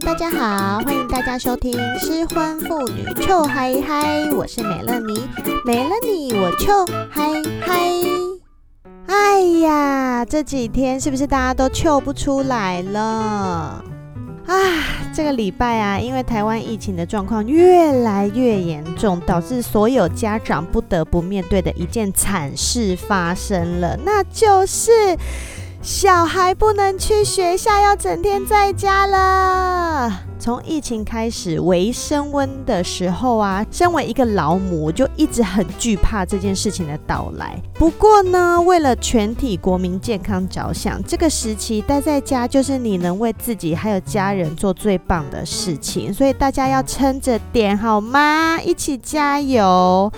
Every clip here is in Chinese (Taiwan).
大家好，歡迎大家收聽《失婚婦女秋嗨嗨》，我是美樂妮，沒了你我秋嗨嗨。哎呀，這幾天是不是大家都秋不出來了？啊，這個禮拜啊，因為台灣疫情的狀況越來越嚴重，導致所有家長不得不面對的一件慘事發生了，那就是小孩不能去學校，要整天在家了。從疫情開始微升溫的時候啊，身為一個老母，就一直很懼怕這件事情的到來。不過呢，為了全體國民健康着想，這個時期待在家就是你能為自己還有家人做最棒的事情，所以大家要撐着點，好嗎？一起加油！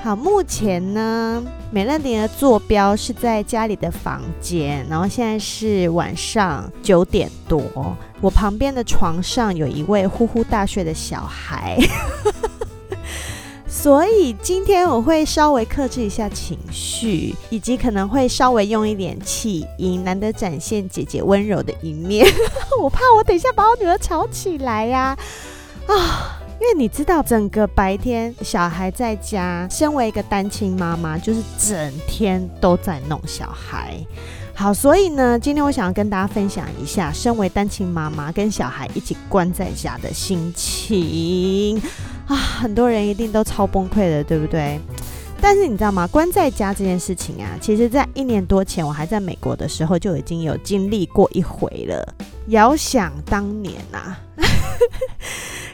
好，目前呢，美樂妮的坐標是在家裡的房間，然後現在是晚上九點多，我旁邊的床上有一位呼呼大睡的小孩， 所以今天我會稍微克制一下情緒，以及可能會稍微用一點氣音，難得展現姐姐溫柔的一面， 我怕我等一下把我女兒吵起來呀、啊，啊。因為你知道，整個白天小孩在家，身為一個單親媽媽，就是整天都在弄小孩。好，所以呢，今天我想要跟大家分享一下，身為單親媽媽跟小孩一起關在家的心情啊，很多人一定都超崩潰的，對不對？但是你知道嗎？關在家這件事情啊，其實在一年多前我還在美國的時候，就已經有經歷過一回了。遙想當年啊。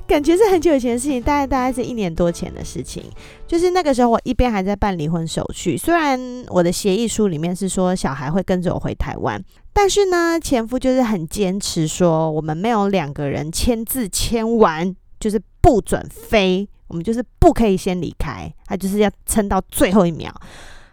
感覺是很久以前的事情，大概大概是一年多前的事情。就是那個時候，我一邊還在辦離婚手續，雖然我的協議書裡面是說小孩會跟着我回台灣，但是呢，前夫就是很堅持說，我們沒有兩個人簽字簽完，就是不准飛，我們就是不可以先離開，他就是要撐到最後一秒。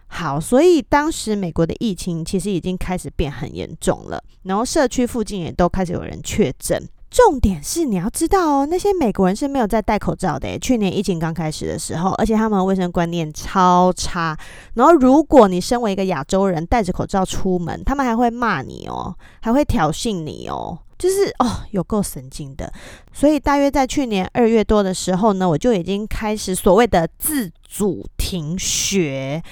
好，所以當時美國的疫情其實已經開始變很嚴重了，然後社區附近也都開始有人確診。重點是你要知道哦，那些美國人是沒有在戴口罩的耶，去年疫情剛開始的時候，而且他們衛生觀念超差。然後，如果你身為一個亞洲人，戴着口罩出門，他們還會罵你哦，還會挑釁你哦，就是哦，有夠神經的。所以，大約在去年二月多的時候呢，我就已經開始所謂的自主停學。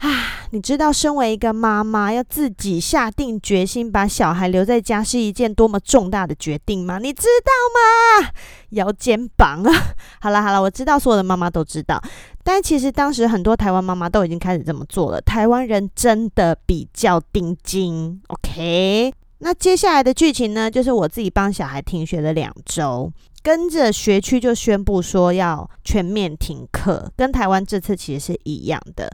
啊，你知道身為一個媽媽要自己下定決心把小孩留在家是一件多麼重大的決定嗎？你知道嗎？搖肩膀。 好了好了，我知道所有的媽媽都知道，但其實當時很多台灣媽媽都已經開始這麼做了。台灣人真的比較頂真。OK，那接下來的劇情呢，就是我自己幫小孩停學了兩周，跟着學區就宣布說要全面停課，跟台灣這次其實是一樣的。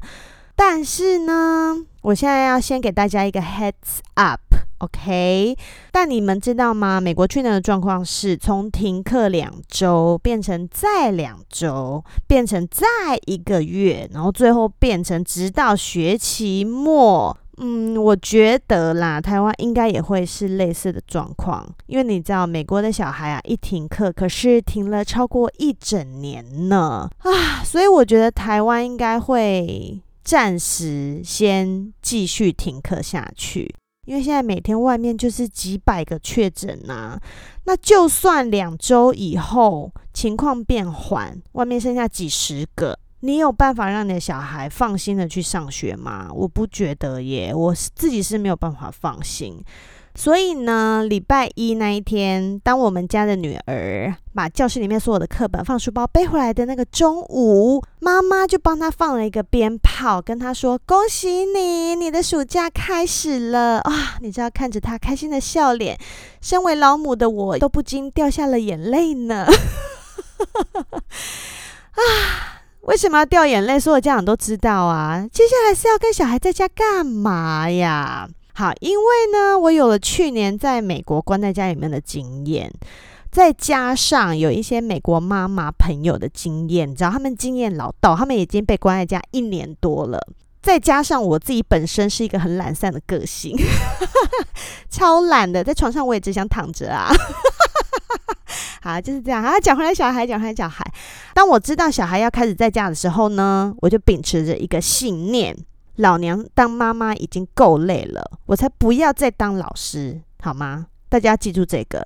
但是呢，我現在要先給大家一個 heads up，OK？但你們知道嗎？美國去年的狀況是從停課兩周變成再兩周，變成再一個月，然後最後變成直到學期末。嗯，我覺得啦，台灣應該也會是類似的狀況，因為你知道，美國的小孩啊，一停課可是停了超過一整年呢啊，所以我覺得台灣應該會，暫時先繼續停課下去，因為現在每天外面就是幾百個確診吶。那就算兩周以後情況變緩，外面剩下幾十個，你有辦法讓你的小孩放心的去上學嗎？我不覺得耶，我自己是沒有辦法放心。所以呢，禮拜一那一天，當我們家的女兒把教室裡面所有的課本放書包背回來的那個中午，媽媽就幫她放了一個鞭炮，跟她說：“恭喜你，你的暑假開始了啊！”你知道看着她開心的笑臉，身為老母的我都不禁掉下了眼淚呢。 啊，為什麽要掉眼淚？所有家長都知道啊。接下來是要跟小孩在家幹嘛呀？好，因為呢，我有了去年在美國關在家裡面的經驗，再加上有一些美國媽媽朋友的經驗，你知道他們經驗老到，他們已經被關在家一年多了。再加上我自己本身是一個很懶散的個性， 超懶的，在床上我也只想躺着啊。 好，就是這樣啊。講回來，小孩，講回來，小孩。當我知道小孩要開始在家的時候呢，我就秉持着一個信念。老娘當媽媽已經夠累了，我才不要再當老師，好嗎？大家記住這個。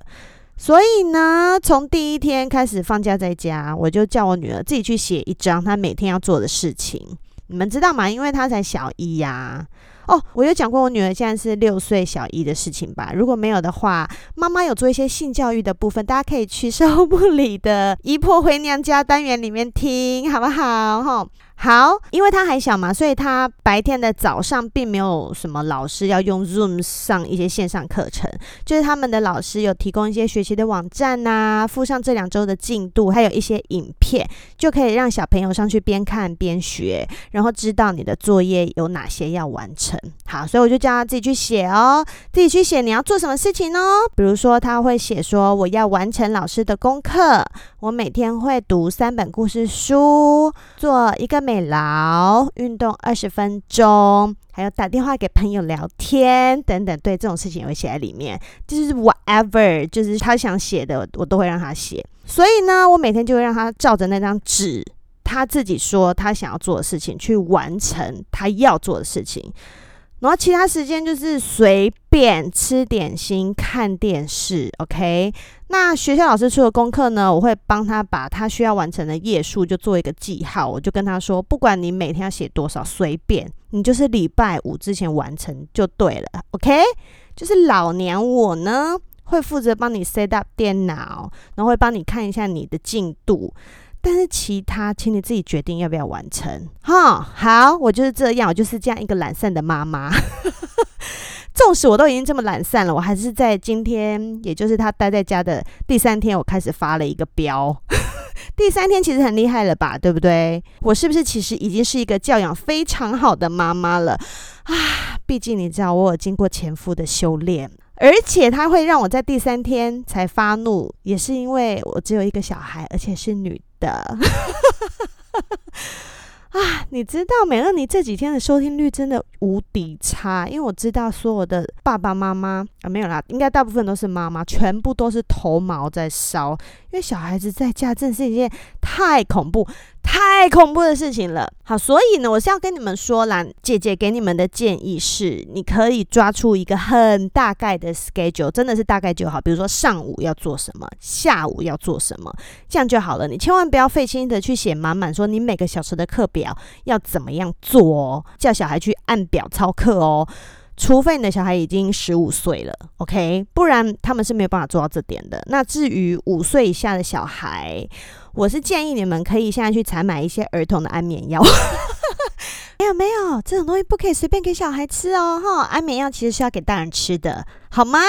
所以呢，從第一天開始放假在家，我就叫我女兒自己去寫一張她每天要做的事情。你們知道嗎？因為她才小一呀、啊。哦，我有講過我女兒現在是六歲小一的事情吧？如果沒有的話，媽媽有做一些性教育的部分，大家可以去收布裡的姨婆回娘家單元裡面聽，好不好？吼，好，因為她還小嘛，所以她白天的早上並沒有什麼老師要用 Zoom 上一些線上課程，就是他們的老師有提供一些學習的網站吶、啊，附上這兩周的進度，還有一些影片，就可以讓小朋友上去邊看邊學，然後知道你的作業有哪些要完成。好，所以我就叫他自己去寫哦，自己去寫你要做什麼事情哦。比如說，他會寫說，我要完成老師的功課，我每天會讀三本故事書，做一個美勞，運動二十分鐘，還有打電話給朋友聊天等等。對，這種事情也會寫在裡面，就是 whatever，就是他想寫的我，我都會讓他寫。所以呢，我每天就會讓他照着那張紙。他自己說他想要做的事情，去完成他要做的事情，然後其他時間就是隨便吃點心、看電視。OK，那學校老師出的功課呢，我會幫他把他需要完成的頁數就做一個記號，我就跟他說，不管你每天要寫多少，隨便你，就是禮拜五之前完成就對了。OK，就是老娘我呢會負責幫你 set up 電腦，然後會幫你看一下你的進度。但是其他，請你自己決定要不要完成哈、哦。好，我就是這樣，我就是這樣一個懶散的媽媽。 縱使我都已經這麼懶散了，我還是在今天，也就是他待在家的第三天，我開始發了一個飆。 第三天其實很厲害了吧，對不對？我是不是其實已經是一個教養非常好的媽媽了啊？畢竟你知道，我有經過前夫的修煉。而且他會讓我在第三天才發怒，也是因為我只有一個小孩，而且是女的。 啊，你知道，美樂妮，你這幾天的收聽率真的無敵差，因為我知道所有的爸爸媽媽啊，沒有啦，應該大部分都是媽媽，全部都是頭毛在燒，因為小孩子在家真的是一件太恐怖。太恐怖的事情了，好，所以呢，我是要跟你們說啦，姐姐給你們的建議是，你可以抓出一個很大概的 schedule，真的是大概就好，比如說上午要做什麼，下午要做什麼，這樣就好了。你千萬不要費心的去寫滿滿，說你每個小時的課表要怎麼樣做哦，叫小孩去按表操課哦。除非你的小孩已經十五歲了，OK，不然他們是沒有辦法做到這點的。那至於五歲以下的小孩，我是建議你們可以現在去採買一些兒童的安眠藥。 沒有沒有，這種東西不可以隨便給小孩吃哦。哈，安眠藥其實是要給大人吃的，好嗎？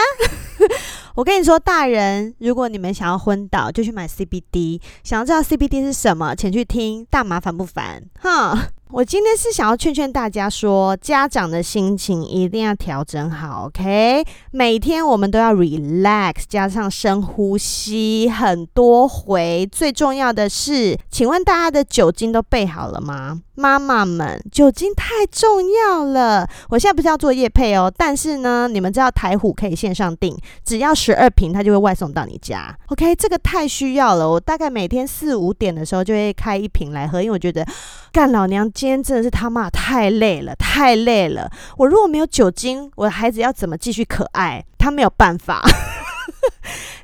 我跟你說，大人，如果你們想要昏倒，就去買 CBD。想要知道 CBD 是什麼，請去聽大麻煩不煩？哈，我今天是想要勸勸大家說，家長的心情一定要調整好，OK？每天我們都要 relax，加上深呼吸很多回。最重要的是，請問大家的酒精都備好了嗎？媽媽們。酒精太重要了，我現在不是要做業配哦，但是呢，你們知道台虎可以線上訂，只要十二瓶，它就會外送到你家。OK，這個太需要了，我大概每天四五點的時候就會開一瓶來喝，因為我覺得幹，老娘今天真的是他媽太累了，太累了。我如果沒有酒精，我的孩子要怎麼繼續可愛？他沒有辦法。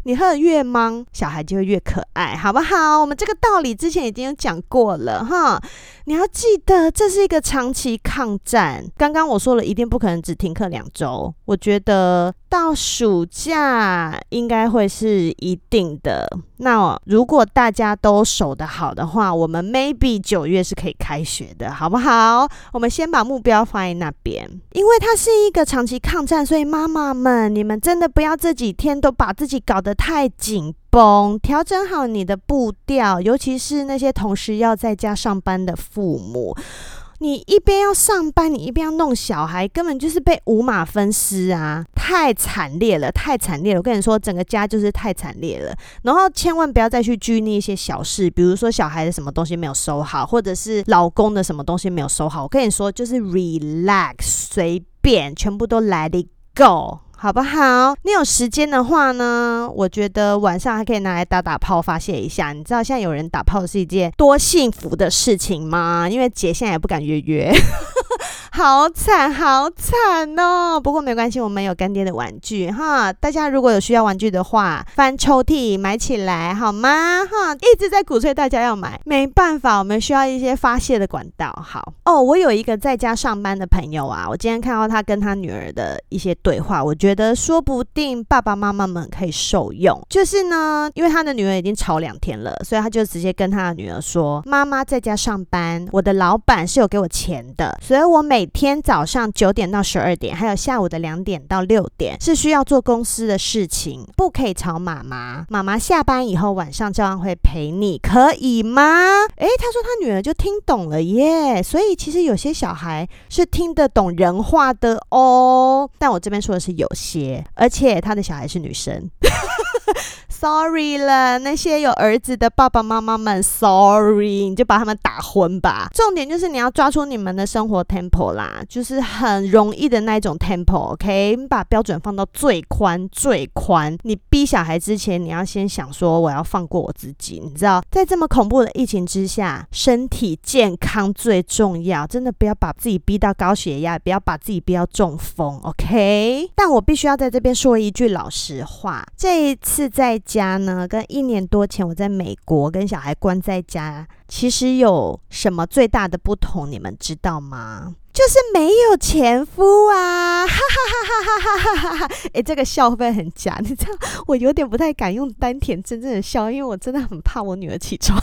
你喝得越茫，小孩就會越可愛，好不好？我們這個道理之前已經有講過了哈。你要記得，這是一個長期抗戰。剛剛我說了，一定不可能只停課兩周。我覺得到暑假應該會是一定的。那如果大家都守得好的話，我們 maybe 九月是可以開學的，好不好？我們先把目標放在那邊，因為它是一個長期抗戰，所以媽媽們，你們真的不要這幾天都把自己搞得太緊。嘣，調整好你的步調，尤其是那些同時要在家上班的父母，你一邊要上班，你一邊要弄小孩，根本就是被五馬分屍啊！太慘烈了，太慘烈了！我跟你說，整個家就是太慘烈了。然後千萬不要再去拘泥一些小事，比如說小孩的什麼東西沒有收好，或者是老公的什麼東西沒有收好。我跟你說，就是 relax，隨便，全部都 let it go。好不好？你有時間的話呢，我覺得晚上還可以拿來打打炮發洩一下。你知道現在有人打炮是一件多幸福的事情嗎？因為姐現在也不敢約約。 好慘好慘哦！不過沒關係，我們有乾爹的玩具哈。大家如果有需要玩具的話，翻抽屜買起來好嗎？哈，一直在鼓吹大家要買，沒辦法，我們需要一些發洩的管道。好哦，我有一個在家上班的朋友啊，我今天看到他跟他女兒的一些對話，我覺得說不定爸爸媽媽們可以受用。就是呢，因為他的女兒已經吵兩天了，所以他就直接跟他的女兒說：“媽媽在家上班，我的老闆是有給我錢的，所以我每”每天早上九點到十二點，還有下午的兩點到六點是需要做公司的事情，不可以吵媽媽。媽媽下班以後，晚上照樣會陪你，可以嗎？誒、欸，他說他女兒就聽懂了耶，所以其實有些小孩是聽得懂人話的哦。但我這邊說的是有些，而且他的小孩是女生。 Sorry 了，那些有兒子的爸爸媽媽們，Sorry，你就把他們打昏吧。重點就是你要抓出你們的生活 tempo 啦，就是很容易的那一種 tempo。OK，你把標準放到最寬，最寬。你逼小孩之前，你要先想說我要放過我自己，你知道，在這麼恐怖的疫情之下，身體健康最重要，真的不要把自己逼到高血壓，不要把自己逼到中風。OK，但我必須要在這邊說一句老實話，這一次在家呢？跟一年多前我在美國跟小孩關在家，其實有什麼最大的不同？你們知道嗎？就是沒有前夫啊！哈哈哈哈哈哈哈哈！欸，這個笑會不會很假？你知道，我有點不太敢用丹田真正的笑，因為我真的很怕我女兒起床。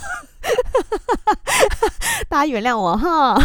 大家原諒我哈，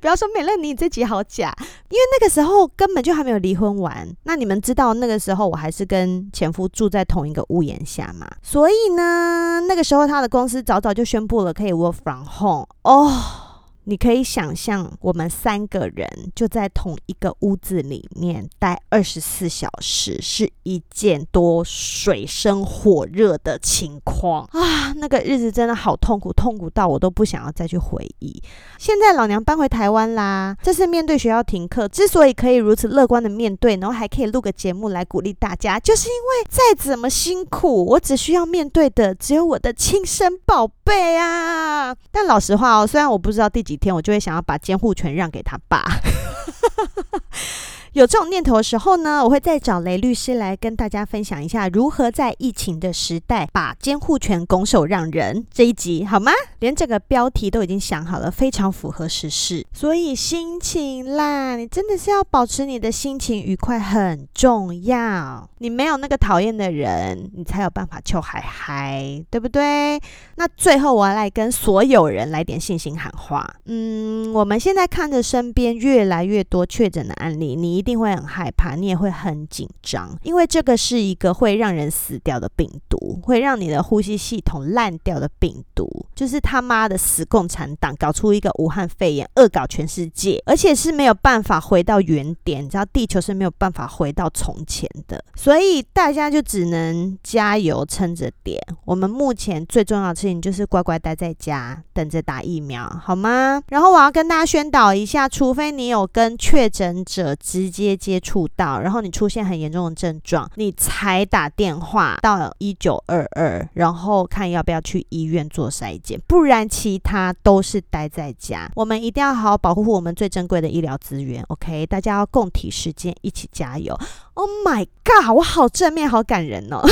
不要說美樂，你這集好假，因為那個時候根本就還沒有離婚完。那你們知道那個時候我還是跟前夫住在同一個屋檐下嘛？所以呢，那個時候他的公司早早就宣布了可以 work from home，哦。你可以想象，我們三個人就在同一個屋子裡面待二十四小時，是一件多水深火熱的情況啊！那個日子真的好痛苦，痛苦到我都不想要再去回憶。現在老娘搬回台灣啦，這次面對學校停課，之所以可以如此樂觀的面對，然後還可以錄個節目來鼓勵大家，就是因為再怎麼辛苦，我只需要面對的只有我的親生寶貝啊！但老實話哦，雖然我不知道第幾。每天，我就會想要把監護權讓給他爸。 有這種念頭的時候呢，我會再找雷律師來跟大家分享一下如何在疫情的時代把監護權拱手讓人這一集好嗎？連整個標題都已經想好了，非常符合時事。所以心情啦，你真的是要保持你的心情愉快很重要。你沒有那個討厭的人，你才有辦法 Chill High High，對不對？那最後我要來跟所有人來點信心喊話。嗯，我們現在看着身邊越來越多確診的案例，你。一定會很害怕，你也會很緊張，因為這個是一個會讓人死掉的病毒，會讓你的呼吸系統爛掉的病毒，就是他媽的死共產黨搞出一個武漢肺炎，惡搞全世界，而且是沒有辦法回到原點，你知道地球是沒有辦法回到從前的，所以大家就只能加油撐着點。我們目前最重要的事情就是乖乖待在家，等着打疫苗，好嗎？然後我要跟大家宣導一下，除非你有跟確診者之間接接觸到，然後你出現很嚴重的症狀，你才打電話到一九二二，然後看要不要去醫院做篩檢，不然其他都是待在家。我們一定要好好保護我們最珍貴的醫療資源，OK？大家要共體時艱，一起加油。Oh my god！我好正面，好感人哦。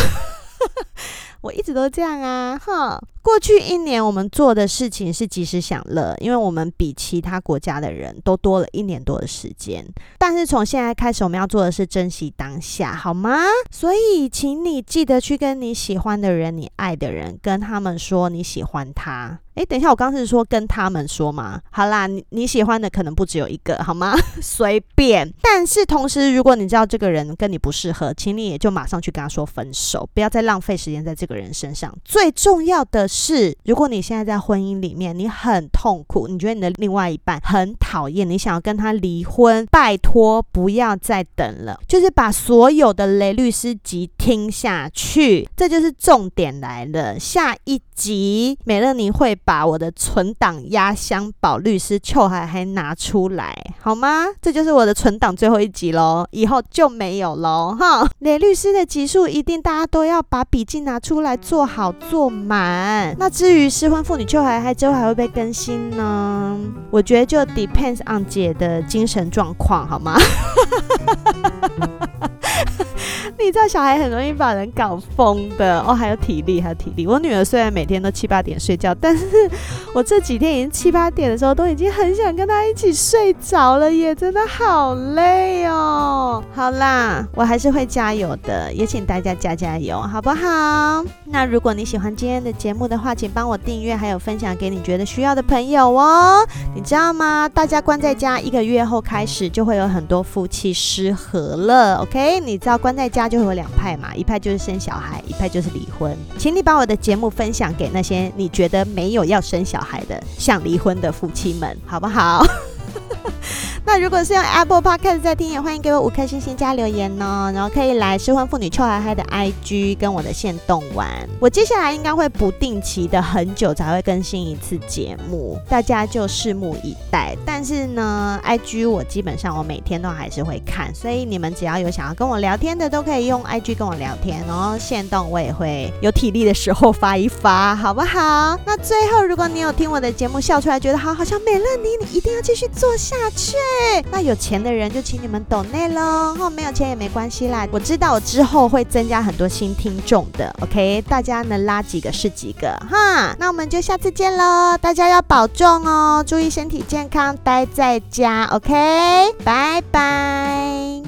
我一直都這樣啊，哈！過去一年我們做的事情是及時享樂，因為我們比其他國家的人都多了一年多的時間。但是從現在開始，我們要做的是珍惜當下，好嗎？所以，請你記得去跟你喜歡的人、你愛的人，跟他們說你喜歡他。誒、欸，等一下，我剛是說跟他們說嗎？好啦你，你喜歡的可能不只有一個，好嗎？隨 便。但是同時，如果你知道這個人跟你不適合，請你也就馬上去跟他說分手，不要再浪費時間在這個。人身上。最重要的是，如果你現在在婚姻裡面，你很痛苦，你覺得你的另外一半很討厭，你想要跟他離婚，拜託不要再等了，就是把所有的雷律師集聽下去。這就是重點來了。下一集，美樂妮你會把我的存檔壓箱寶律師邱海還、還拿出來，好嗎？這就是我的存檔最後一集嘍，以後就沒有嘍哈。 雷律師的集數一定，大家都要把筆記拿出出來坐好坐滿。那至於失婚婦女秋嗨嗨之後還會不會更新呢？我覺得就 depends on 姐的精神狀況，好嗎？ 你知道小孩很容易把人搞瘋的哦，oh, 還有體力，還有體力。我女兒雖然每天都七八點睡覺，但是我這幾天已經七八點的時候都已經很想跟她一起睡着了耶，真的好累哦、喔。好啦，我還是會加油的，也請大家加加油，好不好？那如果你喜歡今天的節目的話，請幫我訂閱，還有分享給你覺得需要的朋友哦、喔。你知道嗎？大家關在家一個月後開始，就會有很多夫妻失和了。OK？你知道關在家就會有兩派嘛，一派就是生小孩，一派就是離婚。請你把我的節目分享給那些你覺得沒有要生小孩的想離婚的夫妻們，好不好？那如果是用 Apple Podcast 在聽也歡迎給我五顆星星加留言哦，然後可以來失婚婦女秋嗨嗨的 IG 跟我的限動玩。我接下來應該會不定期的很久才會更新一次節目，大家就拭目以待。但是呢，IG 我基本上我每天都還是會看，所以你們只要有想要跟我聊天的，都可以用 IG 跟我聊天。哦。限動我也會有體力的時候發一發，好不好？那最後，如果你有聽我的節目笑出來，覺得好好笑，美樂妮，你一定要繼續做下去。那有錢的人就請你們抖內嘍，吼、哦，沒有錢也沒關係啦。我知道我之後會增加很多新聽眾的，OK，大家能拉幾個是幾個，哈，那我們就下次見嘍，大家要保重哦，注意身體健康，待在家，OK，拜拜。